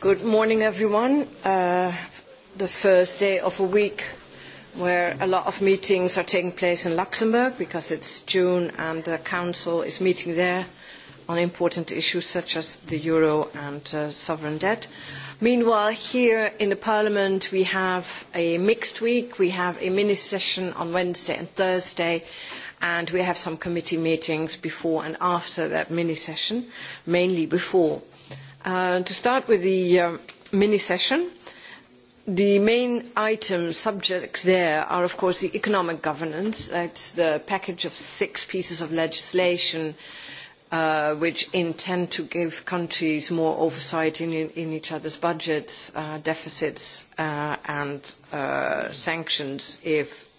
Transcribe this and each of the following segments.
Good morning, everyone. Uh, the first day of a week where a lot of meetings are taking place in Luxembourg because it's June and the Council is meeting there on important issues such as the euro and uh, sovereign debt. Meanwhile, here in the Parliament, we have a mixed week. We have a mini session on Wednesday and Thursday, and we have some committee meetings before and after that mini session, mainly before to start with the mini session, the main item subjects there are, of course, the economic governance. That's the package of six pieces of legislation which intend to give countries more oversight in, in each other's budgets, deficits, and sanctions if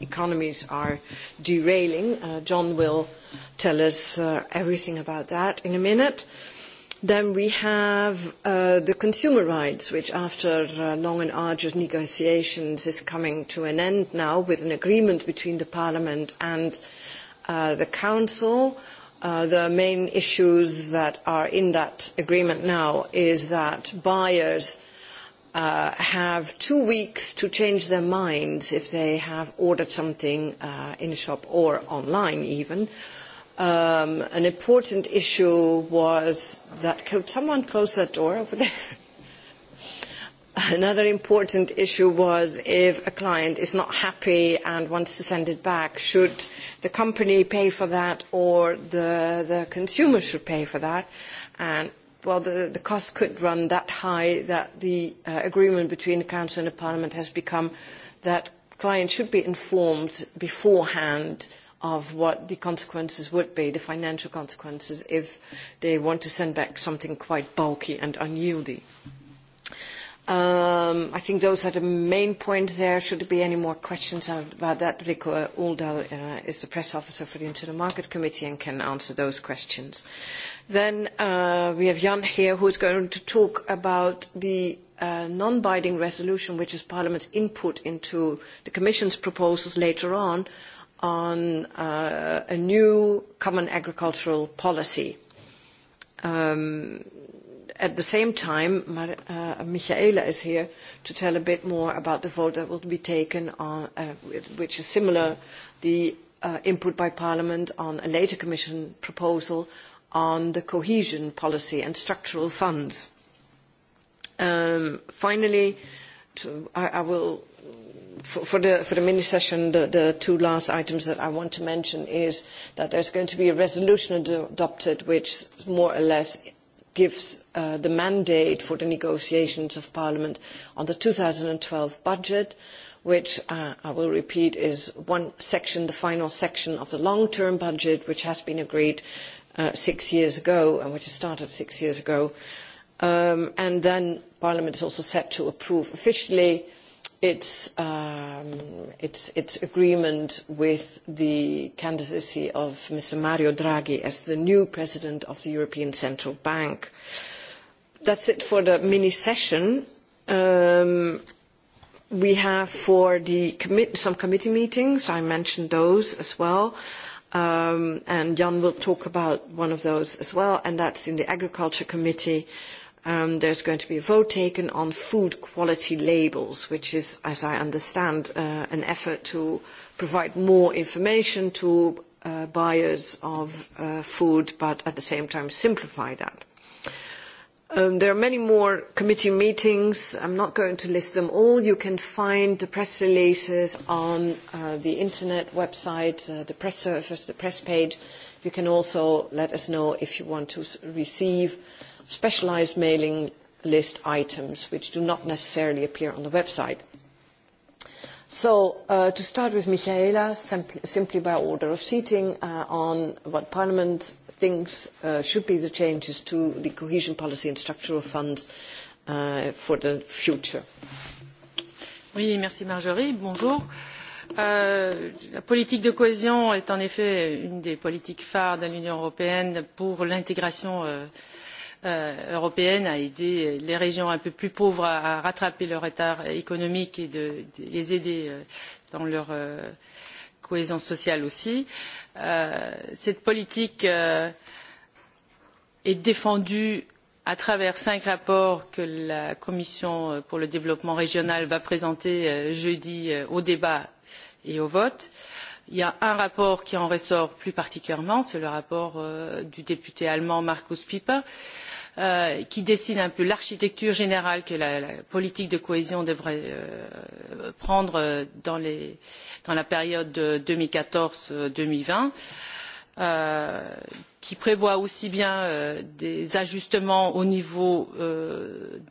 economies are derailing. John will tell us everything about that in a minute. Then we have uh, the consumer rights, which after uh, long and arduous negotiations is coming to an end now with an agreement between the Parliament and uh, the Council. Uh, the main issues that are in that agreement now is that buyers uh, have two weeks to change their minds if they have ordered something uh, in a shop or online even. Uh, um, an important issue was that could someone close that door over there? Another important issue was if a client is not happy and wants to send it back, should the company pay for that or the, the consumer should pay for that? And well, the, the cost could run that high that the uh, agreement between the Council and the Parliament has become that clients should be informed beforehand uh, of what the consequences would be, the financial consequences, if they want to send back something quite bulky and unyieldy. Um, I think those are the main points there. Should there be any more questions about that, Rico Uldal uh, is the press officer for the Internal Market Committee and can answer those questions. Then uh, we have Jan here who is going to talk about the non-binding resolution, which is Parliament's input into the Commission's proposals later on, on a new common agricultural policy. at the same time, Michaela is here to tell a bit more about the vote that will be taken on, which is similar, the input by Parliament on a later Commission proposal on the cohesion policy and structural funds. finally, I, will for the for the mini session, the, the two last items that I want to mention is that there's going to be a resolution adopted, which more or less gives the mandate for the negotiations of Parliament on the twelve budget, which I will repeat is one section, the final section of the long-term budget, which has been agreed six years ago and which started six years ago. and then Parliament is also set to approve officially its um its its agreement with the candidacy of Mr. Mario Draghi as the new president of the European Central Bank. That's it for the mini session. we have for the commit some committee meetings. I mentioned those as well. and Jan will talk about one of those as well, and that's in the Agriculture Committee um, there's going to be a vote taken on food quality labels, which is, as I understand, an effort to provide more information to buyers of food, but at the same time simplify that. there are many more committee meetings. I'm not going to list them all. You can find the press releases on the internet website, the press service, the press page. You can also let us know if you want to receive uh, specialised mailing list items which do not necessarily appear on the website. So to start with Michaela, simply by order of seating on what Parliament thinks should be the changes to the cohesion policy and structural funds for the future. Oui, merci Marjorie. Bonjour. la politique de cohésion est en effet une des politiques phares de l'Union européenne pour l'intégration euh, européenne à aider les régions un peu plus pauvres à, rattraper leur retard économique et de, les aider dans leur cohésion sociale aussi. cette politique est défendue à travers cinq rapports que la commission pour le développement régional va présenter jeudi au débat et au vote. Euh, Il y a un rapport qui en ressort plus particulièrement, c'est le rapport du député allemand Markus Pieper, qui dessine un peu l'architecture générale que la, politique de cohésion devrait prendre dans, la période deux mille quatorze mille vingt qui prévoit aussi bien des ajustements au niveau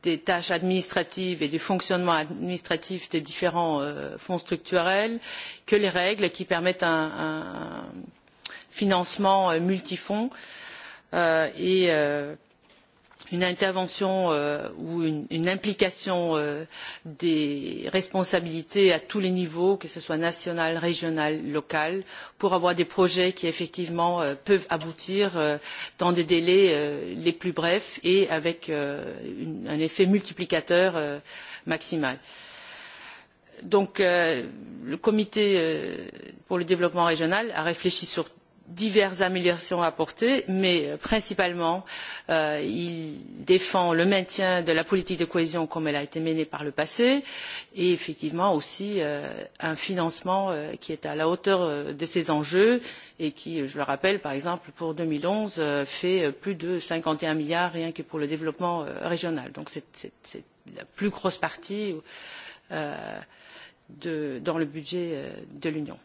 des tâches administratives et du fonctionnement administratif des différents fonds structurels que les règles qui permettent un financement multifonds et une intervention ou une, implication des responsabilités à tous les niveaux, que ce soit national, régional, local, pour avoir des projets qui effectivement peuvent aboutir dans des délais les plus brefs et avec un effet multiplicateur maximal donc le comité pour le développement régional a réfléchi sur diverses améliorations à apporter, mais principalement, il défend le maintien de la politique de cohésion comme elle a été menée par le passé et effectivement aussi un financement qui est à la hauteur de ces enjeux et qui, je le rappelle, par exemple, pour deux mille onze, fait plus de cinquante et un milliards rien que pour le développement régional. Donc c'est la plus grosse partie dans le budget de l'Union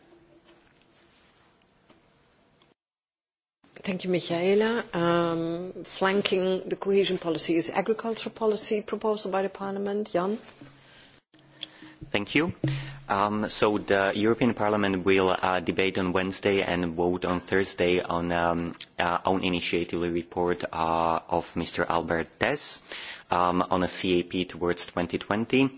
Thank you, Michaela. flanking the cohesion policy is agricultural policy proposal by the Parliament. Jan? Thank you. so the European Parliament will debate on Wednesday and vote on Thursday on um, own initiative report of Mr. Albert Tess on a CAP towards 2020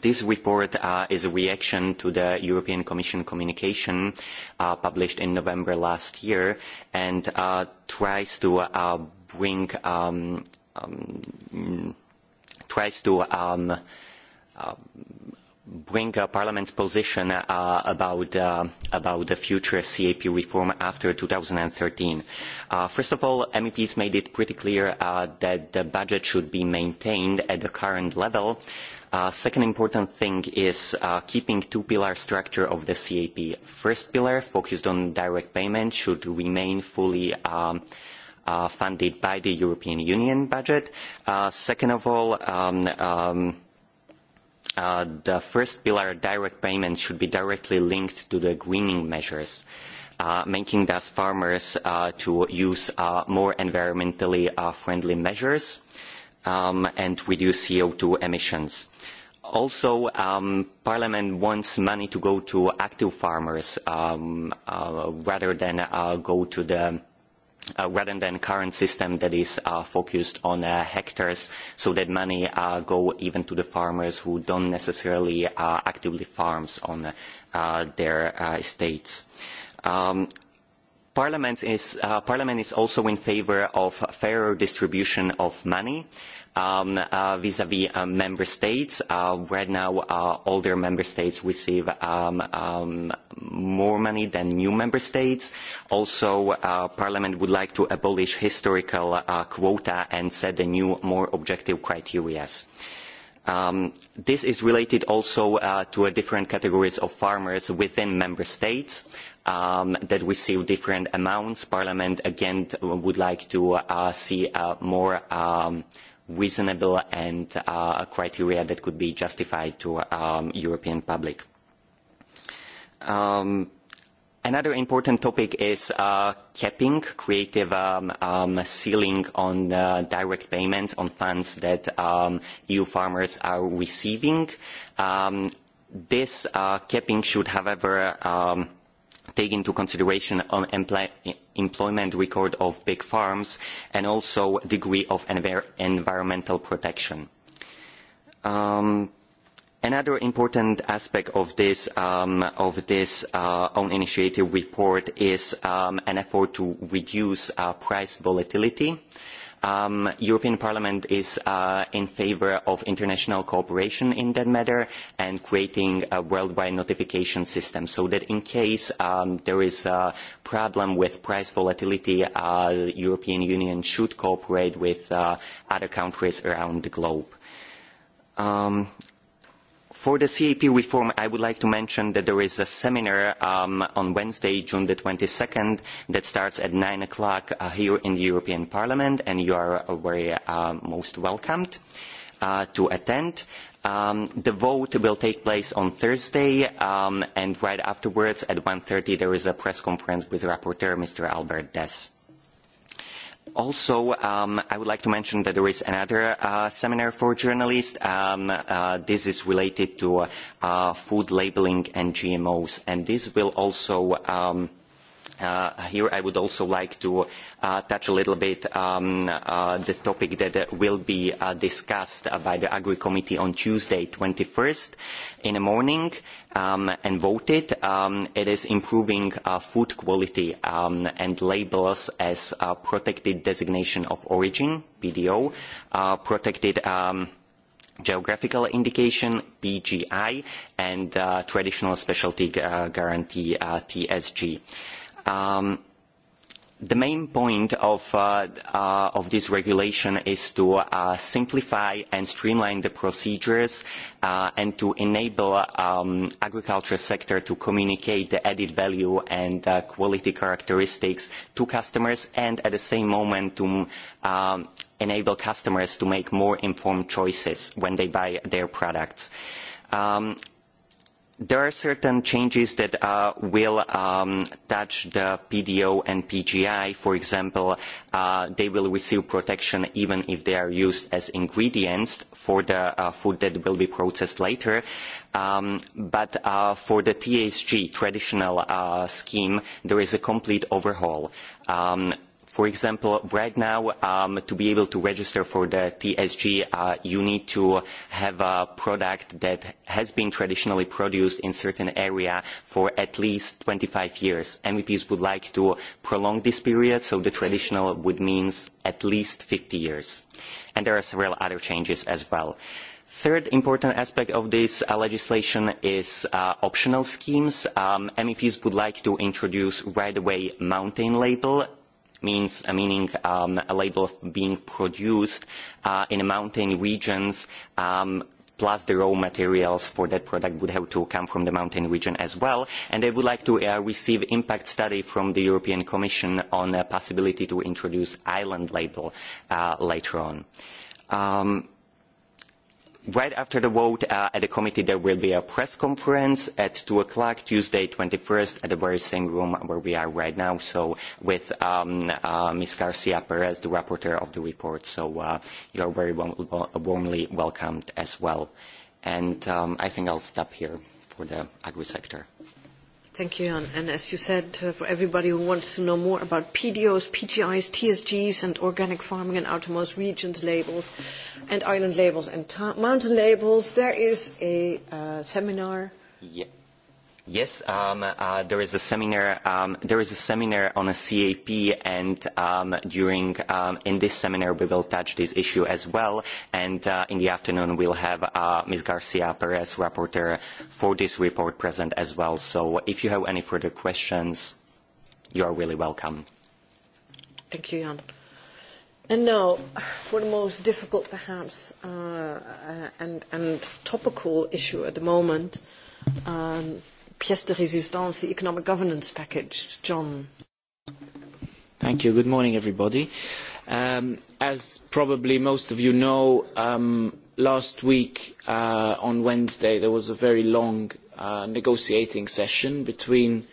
this report is a reaction to the European Commission communication published in November last year and tries to bring tries to bring Parliament's position about, the future CAP reform after thirteen. first of all, MEPs made it pretty clear that the budget should be maintained at the current level Uh, second important thing is uh, keeping two-pillar structure of the CAP. First pillar, focused on direct payment, should remain fully um, uh, funded by the European Union budget. Uh, second of all, um, um, uh, the first pillar, direct payments, should be directly linked to the greening measures making thus farmers to use more environmentally friendly measures and reduce co two emissions. Also, Parliament wants money to go to active farmers rather than go to the rather than current system that is focused on hectares, so that money uh, go even to the farmers who don't necessarily actively farm on their estates. Parliament is, Parliament is also in favour of fairer distribution of money vis-à-vis member states. right now, older member states receive more money than new member states. Also, Parliament would like to abolish historical quota and set a new, more objective criteria. this is related also to different categories of farmers within member states that receive different amounts. Parliament, again, would like to see uh more reasonable and uh, criteria that could be justified to um, European public. Um, another important topic is uh, capping, creative um, um, ceiling on uh, direct payments on funds that um, EU farmers are receiving. Um, this uh, capping should, however, um, take into consideration on employment record of big farms, and also degree of environmental protection. Another important aspect of this, own initiative report is an effort to reduce price volatility. Uh, um, European Parliament is in favour of international cooperation in that matter and creating a worldwide notification system so that in case there is a problem with price volatility, the European Union should cooperate with other countries around the globe For the CAP reform, I would like to mention that there is a seminar on Wednesday, June the 22nd, that starts at nine o'clock here in the European Parliament, and you are very most welcomed to attend. the vote will take place on Thursday, and right afterwards at one thirty there is a press conference with the Rapporteur Mr. Albert Dess Also, um I would like to mention that there is another uh seminar for journalists. Um uh this is related to uh food labelling and GMOs, and this will also um here I would also like to touch a little bit on the topic that will be discussed by the Agri Committee on Tuesday, 21st in the morning and voted. it is improving food quality and labels as a protected designation of origin, PDO, protected geographical indication, PGI, and traditional specialty guarantee, TSG Um, the main point of, uh, uh, of this regulation is to uh, simplify and streamline the procedures uh, and to enable um, agriculture sector to communicate the added value and uh, quality characteristics to customers and at the same moment to um, enable customers to make more informed choices when they buy their products. Um, there are certain changes that will touch the PDO and PGI. For example, they will receive protection even if they are used as ingredients for the food that will be processed later. but for the TSG traditional scheme, there is a complete overhaul For example, right now, to be able to register for the TSG, you need to have a product that has been traditionally produced in a certain area for at least twenty five years. MEPs would like to prolong this period, so the traditional would mean at least fifty years. And there are several other changes as well. Third important aspect of this legislation is optional schemes. MEPs would like to introduce right away mountain label means uh, meaning um, a label of being produced uh, in mountain regions um, plus the raw materials for that product would have to come from the mountain region as well. And they would like to receive an impact study from the European Commission on the possibility to introduce island label later on right after the vote at the committee there will be a press conference at two o'clock Tuesday 21st at the very same room where we are right now so with um, uh, Ms. Garcia Perez the rapporteur of the report so uh, you are very warmly welcomed as well and um, I think I'll stop here for the agri sector Thank you, Jan. And as you said, uh, for everybody who wants to know more about PDOs, PGIs, TSGs, and organic farming and outermost regions labels, and island labels and mountain labels, there is a uh, seminar. Yeah Yes, there is a seminar. there is a seminar on a CAP, and during in this seminar we will touch this issue as well. And in the afternoon we'll have Ms. Garcia Perez, rapporteur for this report, present as well. So if you have any further questions, you are really welcome. Thank you, Jan. And now, for the most difficult, perhaps, and and topical issue at the moment. Um, pièce de résistance, the economic governance package. John. Thank you. Good morning, everybody. as probably most of you know, last week on Wednesday there was a very long negotiating session between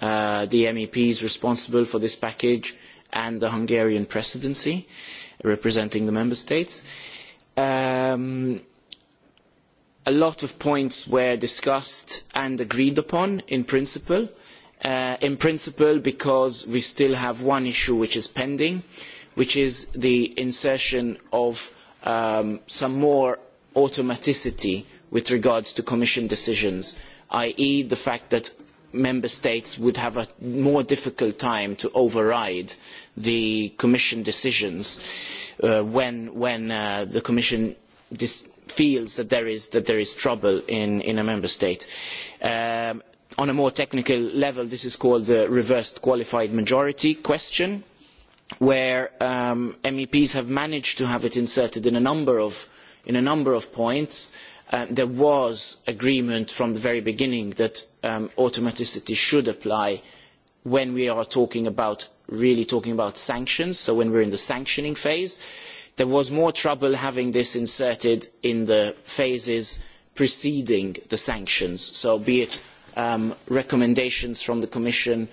the MEPs responsible for this package and the Hungarian presidency representing the member states. Um, a lot of points were discussed and agreed upon in principle. in principle because we still have one issue which is pending, which is the insertion of some more automaticity with regards to Commission decisions, i. e. the fact that member states would have a more difficult time to override the Commission decisions when, the Commission dis feels that there is, that there is trouble in, in a member state. on a more technical level, this is called the reversed qualified majority question, where MEPs have managed to have it inserted in a number of, in a number of points. there was agreement from the very beginning that automaticity should apply when we are talking about really talking about sanctions, so when we are in the sanctioning phase. Uh, There was more trouble having this inserted in the phases preceding the sanctions, so be it recommendations from the Commission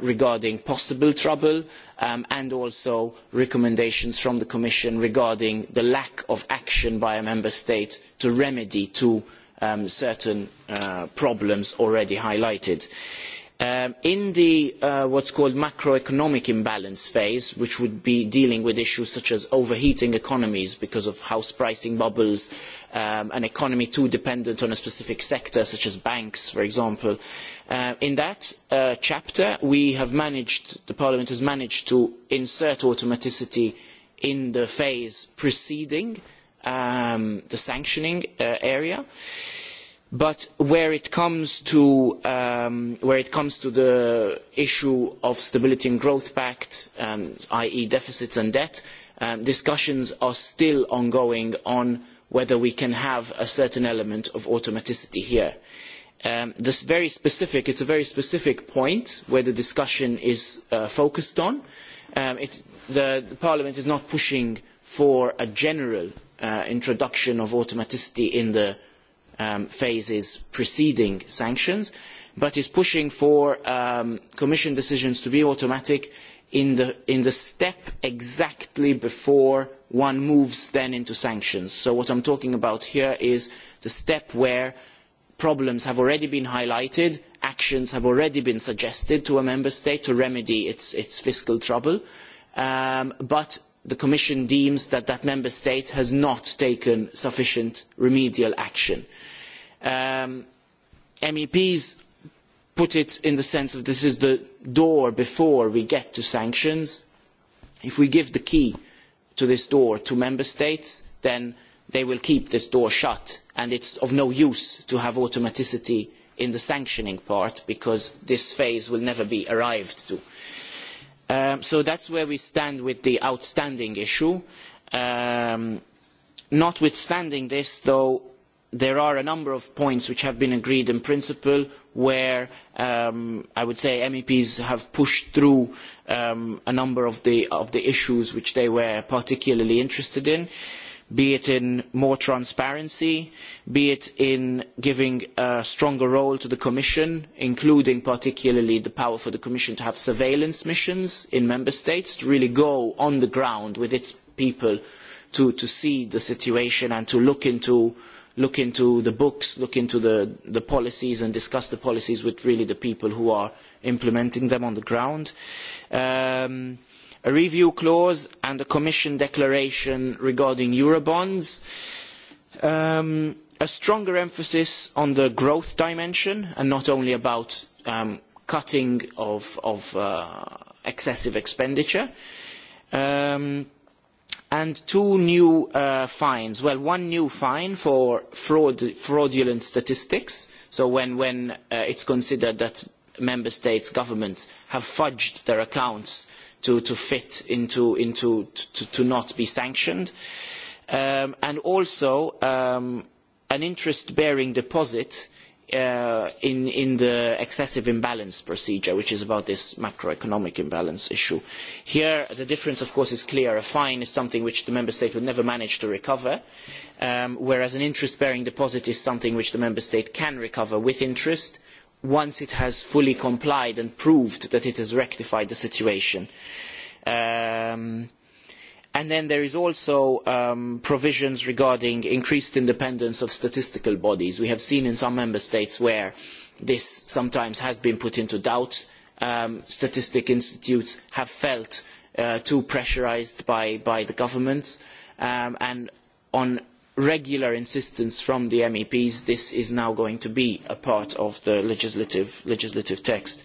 regarding possible trouble and also recommendations from the Commission regarding the lack of action by a member state to remedy certain problems already highlighted in the what is called macroeconomic imbalance phase, which would be dealing with issues such as overheating economies because of house pricing bubbles, an economy too dependent on a specific sector, such as banks, for example. in that chapter, we have managed, the Parliament has managed to insert automaticity in the phase preceding the sanctioning area. But where it comes to the issue of stability and growth pact, i.e. deficits and debt, discussions are still ongoing on whether we can have a certain element of automaticity here. This very specific, it's a very specific point where the discussion is focused on. the Parliament is not pushing for a general introduction of automaticity in the phases preceding sanctions, but is pushing for Commission decisions to be automatic in the, step exactly before one moves then into sanctions. So what I am talking about here is the step where problems have already been highlighted, actions have already been suggested to a member state to remedy its, fiscal trouble, but the Commission deems that that member state has not taken sufficient remedial action. MEPs put it in the sense that this is the door before we get to sanctions. If we give the key to this door to member states, then they will keep this door shut, and it is of no use to have automaticity in the sanctioning part because this phase will never be arrived to so that is where we stand with the outstanding issue. notwithstanding this, though, there are a number of points which have been agreed in principle where I would say MEPs have pushed through a number of the, issues which they were particularly interested in. Uh, be it in more transparency, be it in giving a stronger role to the Commission, including particularly the power for the Commission to have surveillance missions in Member States, to really go on the ground with its people to, see the situation and to look into, the books, look into the, policies and discuss the policies with really the people who are implementing them on the ground. Um, a review clause and a Commission declaration regarding Eurobonds, a stronger emphasis on the growth dimension and not only about cutting of, excessive expenditure, and two new fines. Well, one new fine for fraudulent statistics, so when, when uh, it's considered that member states' governments have fudged their accounts to, fit into, into to, not be sanctioned. and also an interest-bearing deposit in, in the excessive imbalance procedure, which is about this macroeconomic imbalance issue. Here, the difference, of course, is clear. A fine is something which the member state will never manage to recover, whereas an interest-bearing deposit is something which the member state can recover with interest, uh, once it has fully complied and proved that it has rectified the situation. and then there is also provisions regarding increased independence of statistical bodies. We have seen in some member states where this sometimes has been put into doubt. statistic institutes have felt too pressurised by, the governments and on regular insistence from the MEPs, this is now going to be a part of the legislative, text.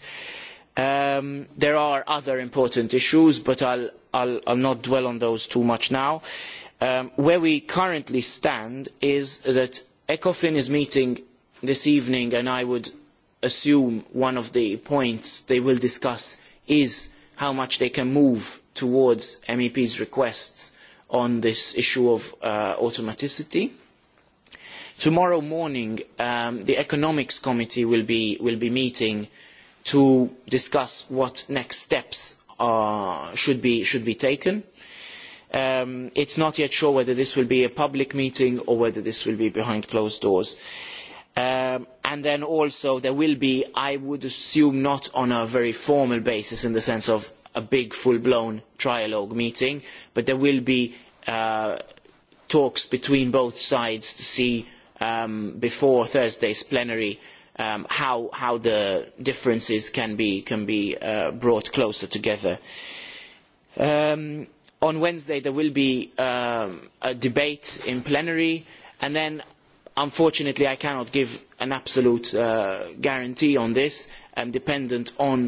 there are other important issues, but I will not dwell on those too much now. where we currently stand is that ECOFIN is meeting this evening, and I would assume one of the points they will discuss is how much they can move towards MEPs' requests on this issue of automaticity. Tomorrow morning, the Economics Committee will be, will be meeting to discuss what next steps should, be, should be taken. It is not yet sure whether this will be a public meeting or whether this will be behind closed doors. and then also there will be, I would assume, not on a very formal basis in the sense of a big full-blown trialogue meeting, but there will be talks between both sides to see before Thursday's plenary how, the differences can be, brought closer together. on Wednesday there will be a debate in plenary and then unfortunately I cannot give an absolute guarantee on this, um, dependent on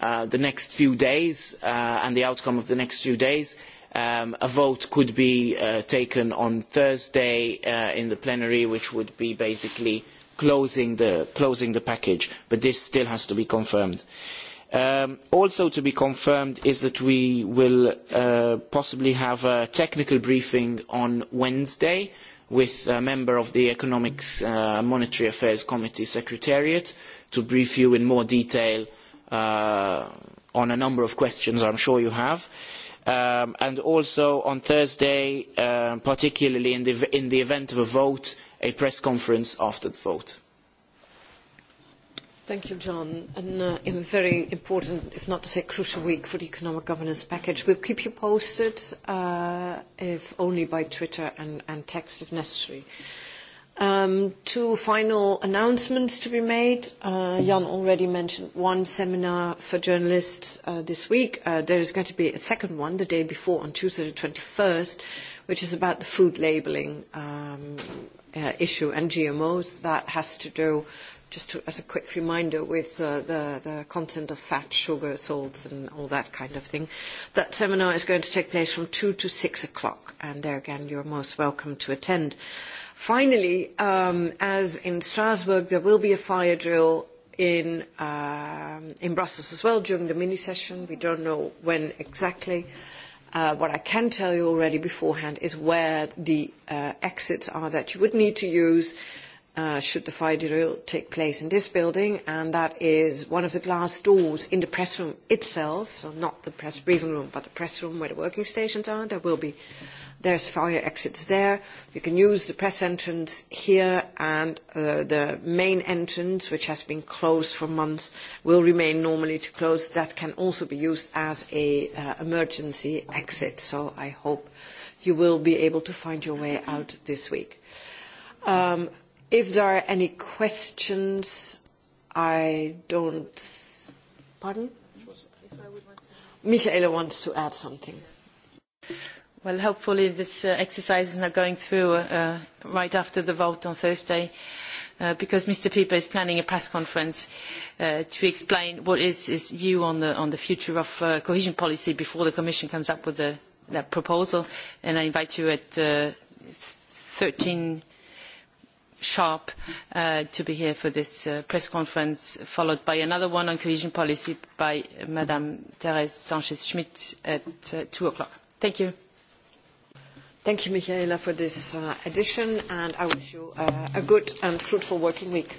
the next few days and the outcome of the next few days. a vote could be taken on Thursday in the plenary, which would be basically closing the package, but this still has to be confirmed. also to be confirmed is that we will possibly have a technical briefing on Wednesday with a member of the Economic and Monetary Affairs Committee Secretariat to brief you in more detail on a number of questions I am sure you have. and also on Thursday, particularly in the, in the event of a vote, a press conference after the vote. Thank you, John. And uh, a very important, if not to say crucial week for the economic governance package. We'll keep you posted, uh, if only by Twitter and, and text if necessary two final announcements to be made. Jan already mentioned one seminar for journalists this week. there is going to be a second one the day before on Tuesday the 21st, which is about the food labelling issue and GMOs. That has to do, just as a quick reminder, with the, the content of fat, sugar, salts and all that kind of thing. That seminar is going to take place from two to six o'clock, and there again, you're most welcome to attend. Finally, as in Strasbourg, there will be a fire drill in, in Brussels as well during the mini session. We don't know when exactly. what I can tell you already beforehand is where the exits are that you would need to use should the fire drill take place in this building, and that is one of the glass doors in the press room itself, so not the press briefing room, but the press room where the working stations are. There will be There's fire exits there. You can use the press entrance here and uh, the main entrance, which has been closed for months, will remain normally to close. That can also be used as a uh, emergency exit. So I hope you will be able to find your way out this week. Um, if there are any questions, I don't. Pardon? Michaela wants to add something. Well, hopefully this exercise is not going through right after the vote on Thursday, because Mr. Pieper is planning a press conference to explain what is his view on the future of cohesion policy before the Commission comes up with that proposal. And I invite you at thirteen sharp to be here for this press conference, followed by another one on cohesion policy by Madame Therese Sanchez-Schmidt at two o'clock. Thank you. Thank you, Michaela, for this uh, addition, and I wish you uh, a good and fruitful working week.